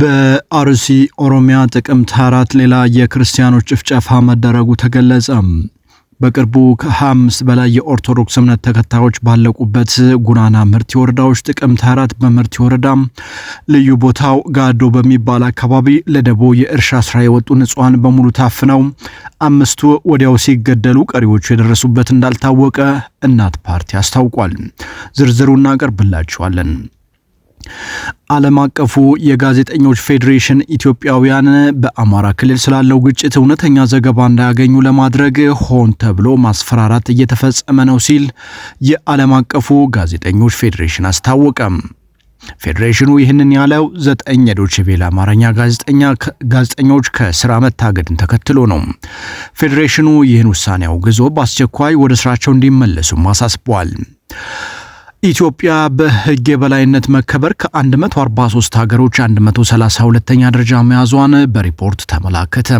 በአርሲ ኦሮሚያ ጥቅምት አራት ሌላ የክርስቲያኖች ጭፍጨፋ መደረጉ ተገለጸ። በቅርቡ ከ25 በላይ የኦርቶዶክስ እምነት ተከታዮች ባለቁበት ጉናና ምርት ወረዳዎች ጥቅምት አራት በምርት ወረዳ ልዩ ቦታው ጋዶ በሚባል አካባቢ ለደቦ የእርሻ ስራ የወጡ ንጹሐን በሙሉ ታፍነው አምስቱ ወዲያው ሲገደሉ ቀሪዎቹ የደረሱበት እንዳልታወቀ እናት ፓርቲ አስታውቋል። ዝርዝሩ እናቀርብላችኋለን። ዓለም አቀፉ የጋዜጠኞች ፌዴሬሽን ኢትዮጵያውያን በአማራ ክልል ስላለው ግጭት እውነተኛ ዘገባ እንዳያገኙ ለማድረግ ሆን ተብሎ ማስፈራራት እየተፈጸመ ነው ሲል የዓለም አቀፉ ጋዜጠኞች ፌዴሬሽን አስታወቀም። ፌዴሬሽኑ ይህንን ያለው ዘጠኝ የዶቼ ቬለ አማርኛ ጋዜጠኛ ጋዜጠኞች ከስራ መታገድን ተከትሎ ነው። ፌዴሬሽኑ ይህን ውሳኔ አውግዞ በአስቸኳይ ወደ ስራቸው እንዲመለሱም አሳስቧል። ኢትዮጵያ በሕግ የበላይነት መከበር ከ143 ሀገሮች 132ኛ ደረጃ መያዟን በሪፖርት ተመላከተ።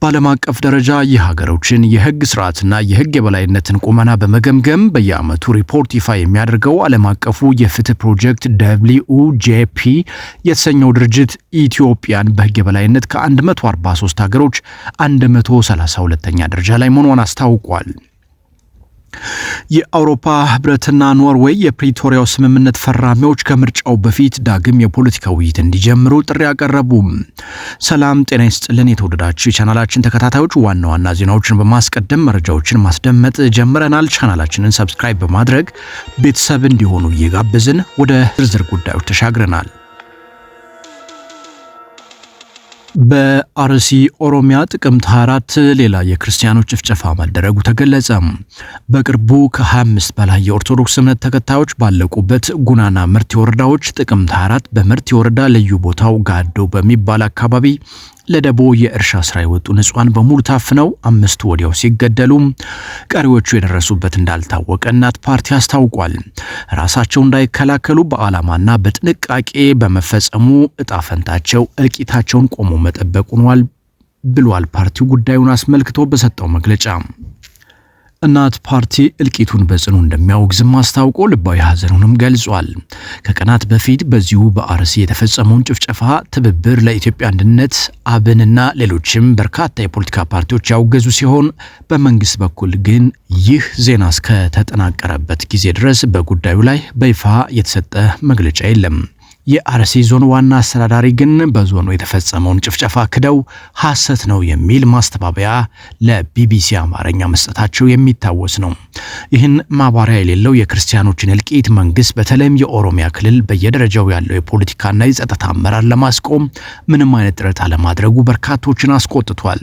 በዓለም አቀፍ ደረጃ የሀገሮችን የሕግ ስርዓትና የሕግ የበላይነትን ቁመና በመገምገም በየዓመቱ ሪፖርት ይፋ የሚያደርገው ዓለም አቀፉ የፍትህ ፕሮጀክት ደብሊው ጄፒ የተሰኘው ድርጅት ኢትዮጵያን በሕግ የበላይነት ከ143 ሀገሮች 132ኛ ደረጃ ላይ መሆኗን አስታውቋል። የአውሮፓ ህብረትና ኖርዌይ የፕሪቶሪያው ስምምነት ፈራሚዎች ከምርጫው በፊት ዳግም የፖለቲካ ውይይት እንዲጀምሩ ጥሪ አቀረቡ። ሰላም ጤና ይስጥልን የተወደዳችሁ የቻናላችን ተከታታዮች፣ ዋና ዋና ዜናዎችን በማስቀደም መረጃዎችን ማስደመጥ ጀምረናል። ቻናላችንን ሰብስክራይብ በማድረግ ቤተሰብ እንዲሆኑ እየጋበዝን ወደ ዝርዝር ጉዳዮች ተሻግረናል። በአርሲ ኦሮሚያ ጥቅምት 24 ሌላ የክርስቲያኖች ጭፍጨፋ መደረጉ ተገለጸ። በቅርቡ ከ25 በላይ የኦርቶዶክስ እምነት ተከታዮች ባለቁበት ጉናና ምርት ወረዳዎች ጥቅምት 24 በምርት ወረዳ ልዩ ቦታው ጋዶ በሚባል አካባቢ ለደቦ የእርሻ ስራ የወጡ ንጹሃን በሙሉ ታፍነው አምስቱ ወዲያው ሲገደሉ ቀሪዎቹ የደረሱበት እንዳልታወቀ እናት ፓርቲ አስታውቋል። ራሳቸው እንዳይከላከሉ በዓላማና በጥንቃቄ በመፈጸሙ እጣ ፈንታቸው እልቂታቸውን ቆሞ መጠበቁ ነዋል ብሏል። ፓርቲው ጉዳዩን አስመልክቶ በሰጠው መግለጫ እናት ፓርቲ እልቂቱን በጽኑ እንደሚያወግዝም አስታውቆ ልባዊ ሐዘኑንም ገልጿል። ከቀናት በፊት በዚሁ በአርሲ የተፈጸመውን ጭፍጨፋ ትብብር ለኢትዮጵያ አንድነት አብንና ሌሎችም በርካታ የፖለቲካ ፓርቲዎች ያወገዙ ሲሆን በመንግስት በኩል ግን ይህ ዜና እስከተጠናቀረበት ጊዜ ድረስ በጉዳዩ ላይ በይፋ የተሰጠ መግለጫ የለም። የአርሲ ዞን ዋና አስተዳዳሪ ግን በዞኑ የተፈጸመውን ጭፍጨፋ ክደው ሐሰት ነው የሚል ማስተባበያ ለቢቢሲ አማርኛ መስጠታቸው የሚታወስ ነው። ይህን ማባሪያ የሌለው የክርስቲያኖችን እልቂት መንግስት በተለይም የኦሮሚያ ክልል በየደረጃው ያለው የፖለቲካና የጸጥታ አመራር ለማስቆም ምንም አይነት ጥረት አለማድረጉ በርካቶችን አስቆጥቷል።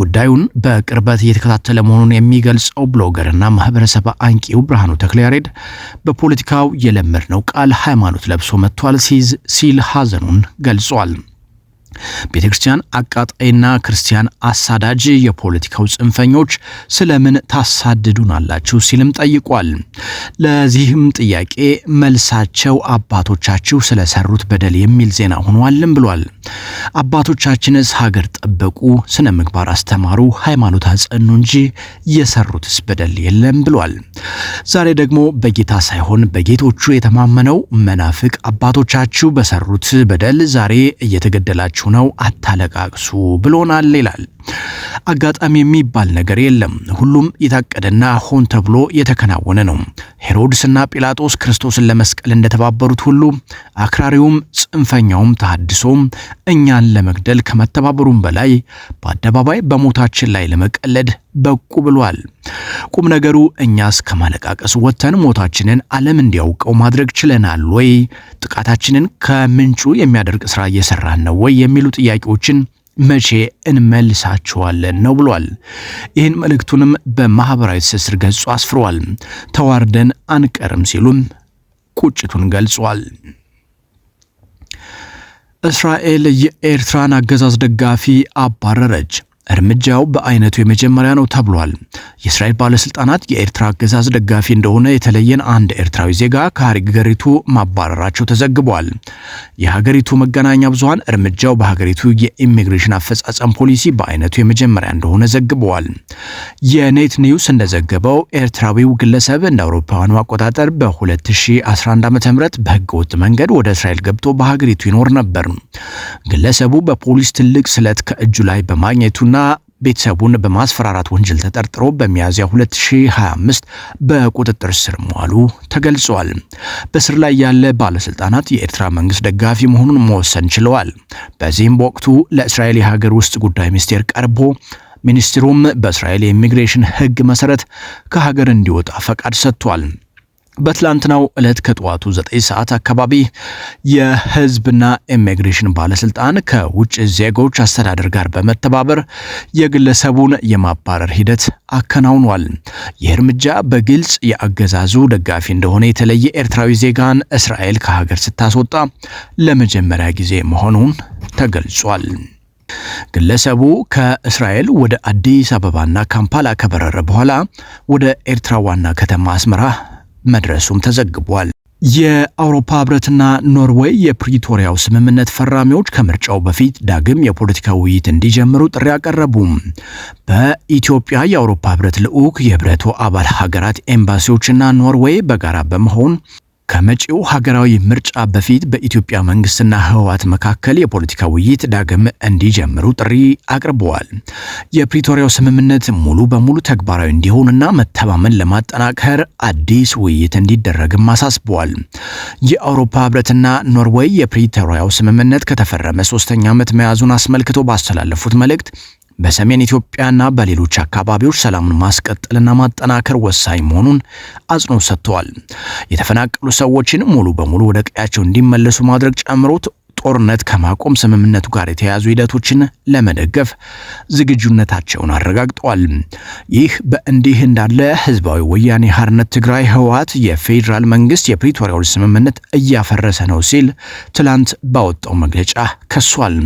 ጉዳዩን በቅርበት እየተከታተለ መሆኑን የሚገልጸው ብሎገርና ማህበረሰብ አንቂው ብርሃኑ ተክለያሬድ በፖለቲካው የለመድነው ቃል ሃይማኖት ለብሶ መጥቷል ሲይዝ ሲል ሐዘኑን ገልጿል። ቤተ ክርስቲያን አቃጣይና ክርስቲያን አሳዳጅ የፖለቲካው ጽንፈኞች ስለምን ታሳድዱናላችሁ ሲልም ጠይቋል። ለዚህም ጥያቄ መልሳቸው አባቶቻችሁ ስለሰሩት በደል የሚል ዜና ሆኗልም ብሏል። አባቶቻችንስ ሀገር ጠበቁ፣ ስነ ምግባር አስተማሩ፣ ሃይማኖት አጸኑ እንጂ የሰሩትስ በደል የለም ብሏል። ዛሬ ደግሞ በጌታ ሳይሆን በጌቶቹ የተማመነው መናፍቅ አባቶቻችሁ በሰሩት በደል ዛሬ እየተገደላችሁ ነው፣ አታለቃቅሱ ብሎናል ይላል። አጋጣሚ የሚባል ነገር የለም። ሁሉም የታቀደና ሆን ተብሎ የተከናወነ ነው። ሄሮድስና ጲላጦስ ክርስቶስን ለመስቀል እንደተባበሩት ሁሉ አክራሪውም ጽንፈኛውም ተሐድሶም እኛን ለመግደል ከመተባበሩም በላይ በአደባባይ በሞታችን ላይ ለመቀለድ በቁ ብሏል። ቁም ነገሩ እኛስ ከማለቃቀስ ወጥተን ሞታችንን ዓለም እንዲያውቀው ማድረግ ችለናል ወይ? ጥቃታችንን ከምንጩ የሚያደርቅ ስራ እየሰራን ነው ወይ? የሚሉ ጥያቄዎችን መቼ እንመልሳችኋለን ነው ብሏል። ይህን መልእክቱንም በማኅበራዊ ትስስር ገጹ አስፍሯል። ተዋርደን አንቀርም ሲሉም ቁጭቱን ገልጿል። እስራኤል የኤርትራን አገዛዝ ደጋፊ አባረረች። እርምጃው በአይነቱ የመጀመሪያ ነው ተብሏል። የእስራኤል ባለስልጣናት የኤርትራ አገዛዝ ደጋፊ እንደሆነ የተለየን አንድ ኤርትራዊ ዜጋ ከሀገሪቱ ማባረራቸው ተዘግቧል። የሀገሪቱ መገናኛ ብዙሃን እርምጃው በሀገሪቱ የኢሚግሬሽን አፈጻጸም ፖሊሲ በአይነቱ የመጀመሪያ እንደሆነ ዘግበዋል። የኔት ኒውስ እንደዘገበው ኤርትራዊው ግለሰብ እንደ አውሮፓውያኑ አቆጣጠር በ2011 ዓ ም በህገወጥ መንገድ ወደ እስራኤል ገብቶ በሀገሪቱ ይኖር ነበር። ግለሰቡ በፖሊስ ትልቅ ስለት ከእጁ ላይ በማግኘቱና በመሆኑና ቤተሰቡን በማስፈራራት ወንጀል ተጠርጥሮ በሚያዝያ 2025 በቁጥጥር ስር መዋሉ ተገልጿል። በስር ላይ ያለ ባለስልጣናት የኤርትራ መንግስት ደጋፊ መሆኑን መወሰን ችለዋል። በዚህም በወቅቱ ለእስራኤል የሀገር ውስጥ ጉዳይ ሚኒስቴር ቀርቦ ሚኒስትሩም በእስራኤል የኢሚግሬሽን ህግ መሰረት ከሀገር እንዲወጣ ፈቃድ ሰጥቷል። በትላንትናው ዕለት ከጠዋቱ 9 ሰዓት አካባቢ የህዝብና ኢሚግሬሽን ባለስልጣን ከውጭ ዜጎች አስተዳደር ጋር በመተባበር የግለሰቡን የማባረር ሂደት አከናውኗል። ይህ እርምጃ በግልጽ የአገዛዙ ደጋፊ እንደሆነ የተለየ ኤርትራዊ ዜጋን እስራኤል ከሀገር ስታስወጣ ለመጀመሪያ ጊዜ መሆኑን ተገልጿል። ግለሰቡ ከእስራኤል ወደ አዲስ አበባና ካምፓላ ከበረረ በኋላ ወደ ኤርትራ ዋና ከተማ አስመራ መድረሱም ተዘግቧል። የአውሮፓ ህብረትና ኖርዌይ የፕሪቶሪያው ስምምነት ፈራሚዎች ከምርጫው በፊት ዳግም የፖለቲካ ውይይት እንዲጀምሩ ጥሪ አቀረቡ። በኢትዮጵያ የአውሮፓ ህብረት ልዑክ የህብረቱ አባል ሀገራት ኤምባሲዎችና ኖርዌይ በጋራ በመሆን ከመጪው ሀገራዊ ምርጫ በፊት በኢትዮጵያ መንግስትና ህወሓት መካከል የፖለቲካ ውይይት ዳግም እንዲጀምሩ ጥሪ አቅርበዋል። የፕሪቶሪያው ስምምነት ሙሉ በሙሉ ተግባራዊ እንዲሆንና መተማመን ለማጠናከር አዲስ ውይይት እንዲደረግም አሳስበዋል። የአውሮፓ ህብረትና ኖርዌይ የፕሪቶሪያው ስምምነት ከተፈረመ ሶስተኛ ዓመት መያዙን አስመልክቶ ባስተላለፉት መልእክት በሰሜን ኢትዮጵያና በሌሎች አካባቢዎች ሰላምን ማስቀጠልና ማጠናከር ወሳኝ መሆኑን አጽንኦት ሰጥተዋል። የተፈናቀሉ ሰዎችን ሙሉ በሙሉ ወደ ቀያቸው እንዲመለሱ ማድረግ ጨምሮት ጦርነት ከማቆም ስምምነቱ ጋር የተያያዙ ሂደቶችን ለመደገፍ ዝግጁነታቸውን አረጋግጠዋል። ይህ በእንዲህ እንዳለ ህዝባዊ ወያኔ ሀርነት ትግራይ ህወሓት የፌዴራል መንግስት የፕሪቶሪያውን ስምምነት እያፈረሰ ነው ሲል ትላንት ባወጣው መግለጫ ከሷል።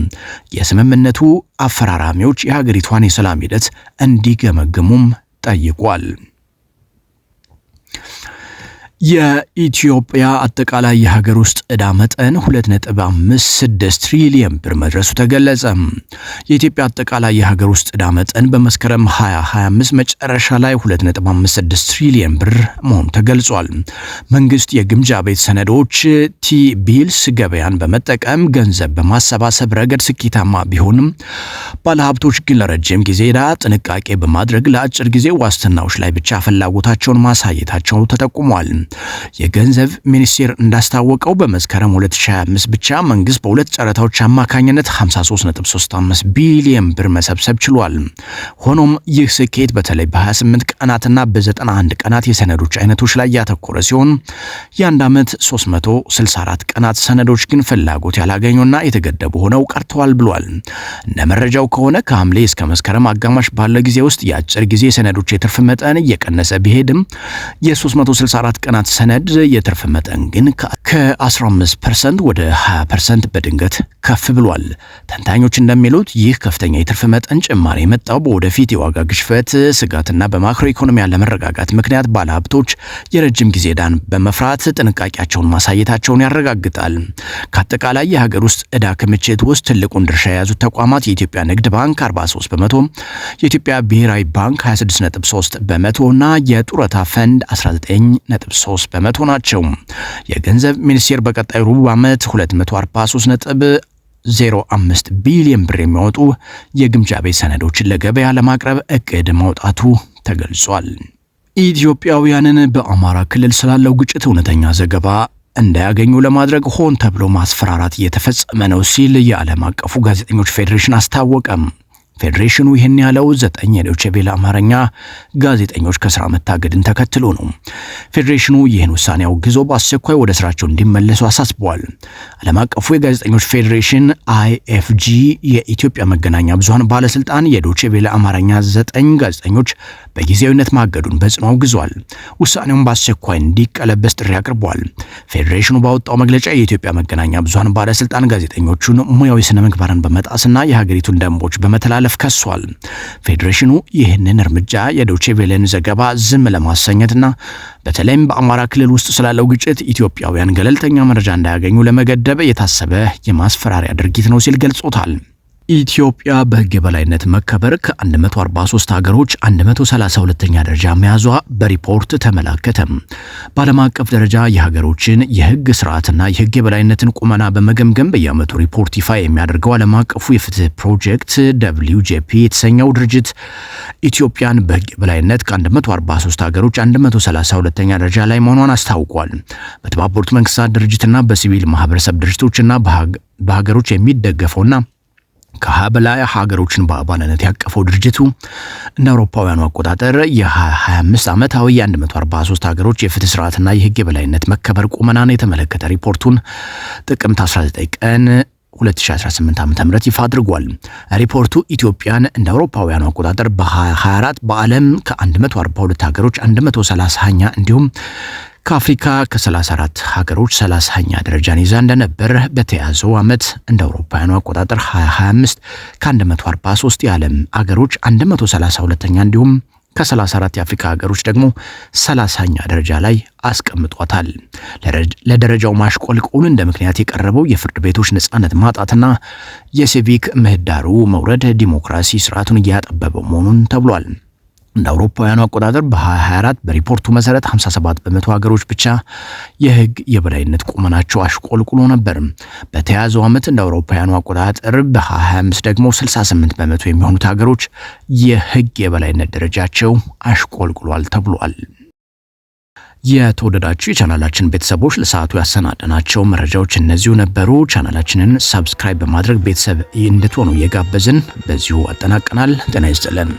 የስምምነቱ አፈራራሚዎች የሀገሪቷን የሰላም ሂደት እንዲገመግሙም ጠይቋል። የኢትዮጵያ አጠቃላይ የሀገር ውስጥ ዕዳ መጠን 2.56 ትሪሊየን ብር መድረሱ ተገለጸ። የኢትዮጵያ አጠቃላይ የሀገር ውስጥ ዕዳ መጠን በመስከረም 2025 መጨረሻ ላይ 2.56 ትሪሊየን ብር መሆኑ ተገልጿል። መንግስት የግምጃ ቤት ሰነዶች ቲ ቢልስ ገበያን በመጠቀም ገንዘብ በማሰባሰብ ረገድ ስኬታማ ቢሆንም ባለሀብቶች ግን ለረጅም ጊዜ ዕዳ ጥንቃቄ በማድረግ ለአጭር ጊዜ ዋስትናዎች ላይ ብቻ ፍላጎታቸውን ማሳየታቸው ተጠቁሟል። የገንዘብ ሚኒስቴር እንዳስታወቀው በመስከረም 2025 ብቻ መንግስት በሁለት ጨረታዎች አማካኝነት 53.35 ቢሊየን ብር መሰብሰብ ችሏል። ሆኖም ይህ ስኬት በተለይ በ28 ቀናትና በ91 ቀናት የሰነዶች አይነቶች ላይ ያተኮረ ሲሆን የአንድ ዓመት 364 ቀናት ሰነዶች ግን ፍላጎት ያላገኙና የተገደቡ ሆነው ቀርተዋል ብሏል። እንደ መረጃው ከሆነ ከሐምሌ እስከ መስከረም አጋማሽ ባለ ጊዜ ውስጥ የአጭር ጊዜ ሰነዶች የትርፍ መጠን እየቀነሰ ቢሄድም የ364 ቀናት የጥናት ሰነድ የትርፍ መጠን ግን ከ15 ፐርሰንት ወደ 20 ፐርሰንት በድንገት ከፍ ብሏል። ተንታኞች እንደሚሉት ይህ ከፍተኛ የትርፍ መጠን ጭማሪ የመጣው በወደፊት የዋጋ ግሽፈት ስጋትና በማክሮ ኢኮኖሚ ያለመረጋጋት ምክንያት ባለሀብቶች የረጅም ጊዜ ዕዳን በመፍራት ጥንቃቄያቸውን ማሳየታቸውን ያረጋግጣል። ከአጠቃላይ የሀገር ውስጥ ዕዳ ክምችት ውስጥ ትልቁን ድርሻ የያዙት ተቋማት የኢትዮጵያ ንግድ ባንክ 43 በመቶ፣ የኢትዮጵያ ብሔራዊ ባንክ 26.3 በመቶ እና የጡረታ ፈንድ 19.3 3 በመቶ ናቸው። የገንዘብ ሚኒስቴር በቀጣይ ሩብ ዓመት 243 ነጥብ 05 ቢሊዮን ብር የሚያወጡ የግምጃ ቤት ሰነዶችን ለገበያ ለማቅረብ እቅድ ማውጣቱ ተገልጿል። ኢትዮጵያውያንን በአማራ ክልል ስላለው ግጭት እውነተኛ ዘገባ እንዳያገኙ ለማድረግ ሆን ተብሎ ማስፈራራት እየተፈጸመ ነው ሲል የዓለም አቀፉ ጋዜጠኞች ፌዴሬሽን አስታወቀም። ፌዴሬሽኑ ይህን ያለው ዘጠኝ የዶቼ ቬለ አማርኛ ጋዜጠኞች ከስራ መታገድን ተከትሎ ነው። ፌዴሬሽኑ ይህን ውሳኔ አውግዞ በአስቸኳይ ወደ ስራቸው እንዲመለሱ አሳስበዋል። ዓለም አቀፉ የጋዜጠኞች ፌዴሬሽን አይኤፍጂ የኢትዮጵያ መገናኛ ብዙሃን ባለስልጣን የዶቼ ቬለ አማርኛ ዘጠኝ ጋዜጠኞች በጊዜያዊነት ማገዱን በጽኑ አውግዟል። ውሳኔውን በአስቸኳይ እንዲቀለበስ ጥሪ አቅርቧል። ፌዴሬሽኑ ባወጣው መግለጫ የኢትዮጵያ መገናኛ ብዙሃን ባለስልጣን ጋዜጠኞቹን ሙያዊ ስነ ምግባርን በመጣስና የሀገሪቱን ደንቦች በመተላለፍ በመደገፍ ከሷል። ፌዴሬሽኑ ይህንን እርምጃ የዶቼቬሌን ዘገባ ዝም ለማሰኘትና በተለይም በአማራ ክልል ውስጥ ስላለው ግጭት ኢትዮጵያውያን ገለልተኛ መረጃ እንዳያገኙ ለመገደብ የታሰበ የማስፈራሪያ ድርጊት ነው ሲል ገልጾታል። ኢትዮጵያ በህግ የበላይነት መከበር ከ143 ሀገሮች 132ኛ ደረጃ መያዟ በሪፖርት ተመላከተም በዓለም አቀፍ ደረጃ የሀገሮችን የህግ ስርዓትና የህግ የበላይነትን ቁመና በመገምገም በየዓመቱ ሪፖርት ይፋ የሚያደርገው ዓለም አቀፉ የፍትህ ፕሮጀክት ደብሊውጄፒ የተሰኘው ድርጅት ኢትዮጵያን በህግ የበላይነት ከ143 ሀገሮች 132ኛ ደረጃ ላይ መሆኗን አስታውቋል። በተባበሩት መንግስታት ድርጅትና በሲቪል ማህበረሰብ ድርጅቶችና በሀገሮች የሚደገፈውና ከሀያ በላይ ሀገሮችን በአባልነት ያቀፈው ድርጅቱ እንደ አውሮፓውያኑ አቆጣጠር የ25 ዓመታዊ የ143 ሀገሮች የፍትህ ስርዓትና የህግ የበላይነት መከበር ቁመናን የተመለከተ ሪፖርቱን ጥቅምት 19 ቀን 2018 ዓ ም ይፋ አድርጓል። ሪፖርቱ ኢትዮጵያን እንደ አውሮፓውያኑ አቆጣጠር በ24 በዓለም ከ142 ሀገሮች 130ኛ እንዲሁም ከአፍሪካ ከ34 ሀገሮች 30ኛ ደረጃን ይዛ እንደነበር በተያዘው ዓመት እንደ አውሮፓውያኑ አቆጣጠር 2025 ከ143 የዓለም አገሮች 132ኛ እንዲሁም ከ34 የአፍሪካ ሀገሮች ደግሞ 30ኛ ደረጃ ላይ አስቀምጧታል። ለደረጃው ማሽቆልቆል እንደ ምክንያት የቀረበው የፍርድ ቤቶች ነጻነት ማጣትና የሲቪክ ምህዳሩ መውረድ ዲሞክራሲ ስርዓቱን እያጠበበው መሆኑን ተብሏል። እንደ አውሮፓውያኑ አቆጣጠር በ2024 በሪፖርቱ መሰረት 57 በመቶ ሀገሮች ብቻ የህግ የበላይነት ቁመናቸው አሽቆልቁሎ ነበር። በተያዘው ዓመት እንደ አውሮፓውያኑ አቆጣጠር በ2025 ደግሞ 68 በመቶ የሚሆኑት ሀገሮች የህግ የበላይነት ደረጃቸው አሽቆልቁሏል ተብሏል። የተወደዳችሁ የቻናላችን ቤተሰቦች ለሰዓቱ ያሰናደናቸው መረጃዎች እነዚሁ ነበሩ። ቻናላችንን ሰብስክራይብ በማድረግ ቤተሰብ እንድትሆኑ እየጋበዝን በዚሁ አጠናቀናል። ጤና ይስጥልን።